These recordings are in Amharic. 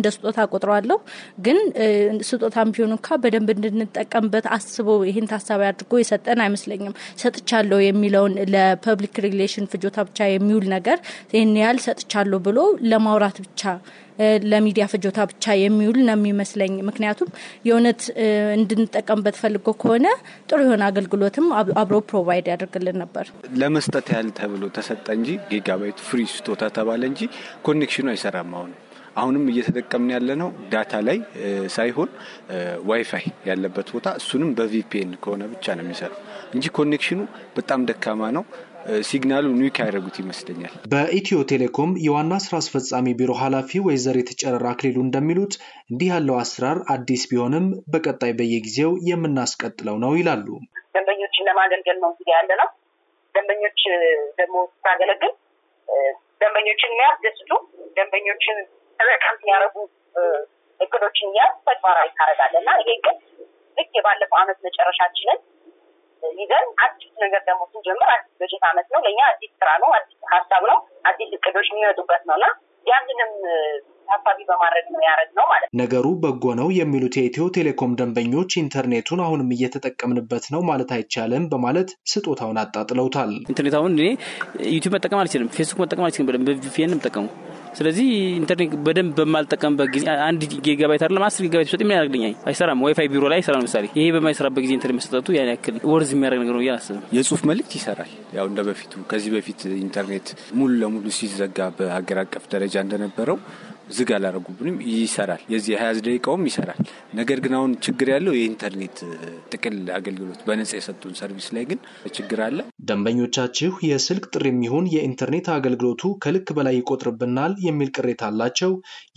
እንደ ስጦታ ቆጥረዋለሁ። ግን ስጦታም ቢሆን እንኳ በደንብ እንድንጠቀምበት አስቦ ይህን ታሳቢ አድርጎ የሰጠን አይመስለኝም። ሰጥቻለሁ የሚለውን ለፐብሊክ ሪሌሽን ፍጆታ ብቻ የሚውል ነገር ይህን ያህል ሰጥቻለሁ ብሎ ለማውራት ብቻ ለሚዲያ ፍጆታ ብቻ የሚውል ነው የሚመስለኝ። ምክንያቱም የእውነት እንድንጠቀምበት ፈልጎ ከሆነ ጥሩ የሆነ አገልግሎትም አብሮ ፕሮቫይድ ያደርግልን ነበር። ለመስጠት ያህል ተብሎ ተሰጠ እንጂ ጊጋባይት ፍሪ ስጦታ ተባለ እንጂ ኮኔክሽኑ አይሰራም አሁን አሁንም እየተጠቀምን ያለ ነው ዳታ ላይ ሳይሆን ዋይፋይ ያለበት ቦታ እሱንም በቪፒኤን ከሆነ ብቻ ነው የሚሰራው እንጂ ኮኔክሽኑ በጣም ደካማ ነው። ሲግናሉ ኒክ ያደረጉት ይመስለኛል። በኢትዮ ቴሌኮም የዋና ስራ አስፈጻሚ ቢሮ ኃላፊ ወይዘር የተጨረራ አክሊሉ እንደሚሉት እንዲህ ያለው አሰራር አዲስ ቢሆንም በቀጣይ በየጊዜው የምናስቀጥለው ነው ይላሉ። ደንበኞችን ለማገልገል ነው እንግዲህ ያለ ነው። ደንበኞች ደግሞ ስታገለግል ደንበኞችን የሚያስደስቱ ደንበኞችን ተጠቃሚ ያደረጉ እቅዶችን እያዝ ተግባራዊ ታደርጋለህ እና ይሄ ግን ልክ የባለፈው አመት መጨረሻችንን ይዘን አዲስ ነገር ደግሞ ስንጀምር አዲስ በጀት አመት ነው፣ ለእኛ አዲስ ስራ ነው፣ አዲስ ሀሳብ ነው፣ አዲስ እቅዶች የሚመጡበት ነው እና ያንንም ታሳቢ በማድረግ ነው ነው ማለት ነው። ነገሩ በጎ ነው የሚሉት የኢትዮ ቴሌኮም ደንበኞች ኢንተርኔቱን አሁንም እየተጠቀምንበት ነው ማለት አይቻልም በማለት ስጦታውን አጣጥለውታል። ኢንተርኔት አሁን እኔ ዩቲዩብ መጠቀም አልችልም፣ ፌስቡክ መጠቀም አልችልም፣ በደንብ ቪፒኤን ስለዚህ ኢንተርኔት በደንብ በማልጠቀምበት ጊዜ አንድ ጊጋባይት አይደለም አስር ጊጋባይት ሰጥ ምን ያደርግልኛል? አይሰራም። ዋይፋይ ቢሮ ላይ ይሰራል። ምሳሌ ይሄ በማይሰራበት ጊዜ ኢንተርኔት መሰጠቱ ያን ያክል ወርዝ የሚያደርግ ነገር ነው ብዬ አላስብም። የጽሁፍ መልእክት ይሰራል። ያው እንደ በፊቱ ከዚህ በፊት ኢንተርኔት ሙሉ ለሙሉ ሲዘጋ በሀገር አቀፍ ደረጃ እንደነበረው ዝግ አላረጉብንም፣ ይሰራል። የዚህ ሀያ ደቂቃውም ይሰራል። ነገር ግን አሁን ችግር ያለው የኢንተርኔት ጥቅል አገልግሎት በነጻ የሰጡን ሰርቪስ ላይ ግን ችግር አለ። ደንበኞቻችሁ የስልክ ጥሪ የሚሆን የኢንተርኔት አገልግሎቱ ከልክ በላይ ይቆጥርብናል የሚል ቅሬታ አላቸው።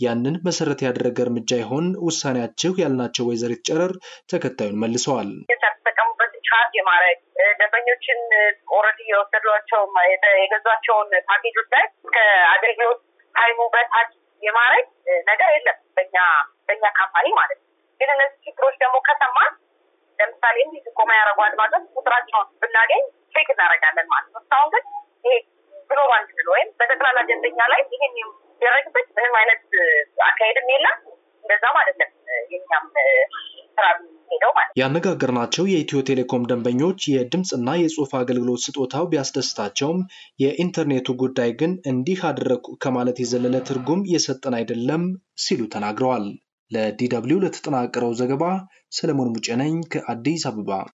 ያንን መሰረት ያደረገ እርምጃ ይሆን ውሳኔያችሁ ያልናቸው ወይዘሪት ጨረር ተከታዩን መልሰዋል። ቻርጅ የማድረግ ደንበኞችን ኦልሬዲ የወሰዷቸው የገዟቸውን ፓኬጆች ላይ ከአገልግሎት ታይሙ በታች የማድረግ ነገር የለም በኛ በእኛ ካምፓኒ ማለት ነው። ግን እነዚህ ችግሮች ደግሞ ከሰማ ለምሳሌ እንዲህ ጥቆማ ያደረጉ አድማጮች ቁጥራቸውን ብናገኝ ቼክ እናደርጋለን ማለት ነው። እስካሁን ግን ይሄ ግሎባል እንድል ወይም በጠቅላላ ደንበኛ ላይ ይህን የሚደረግበት ምንም አይነት አካሄድም የለም። እንደዛም አይደለም የኛም ስራ ያለው ማለት ነው። ያነጋገርናቸው የኢትዮ ቴሌኮም ደንበኞች የድምፅና የጽሁፍ አገልግሎት ስጦታው ቢያስደስታቸውም የኢንተርኔቱ ጉዳይ ግን እንዲህ አደረግኩ ከማለት የዘለለ ትርጉም የሰጠን አይደለም ሲሉ ተናግረዋል። ለዲ ለተጠናቀረው ዘገባ ሰለሞን ሙጬ ነኝ ከአዲስ አበባ።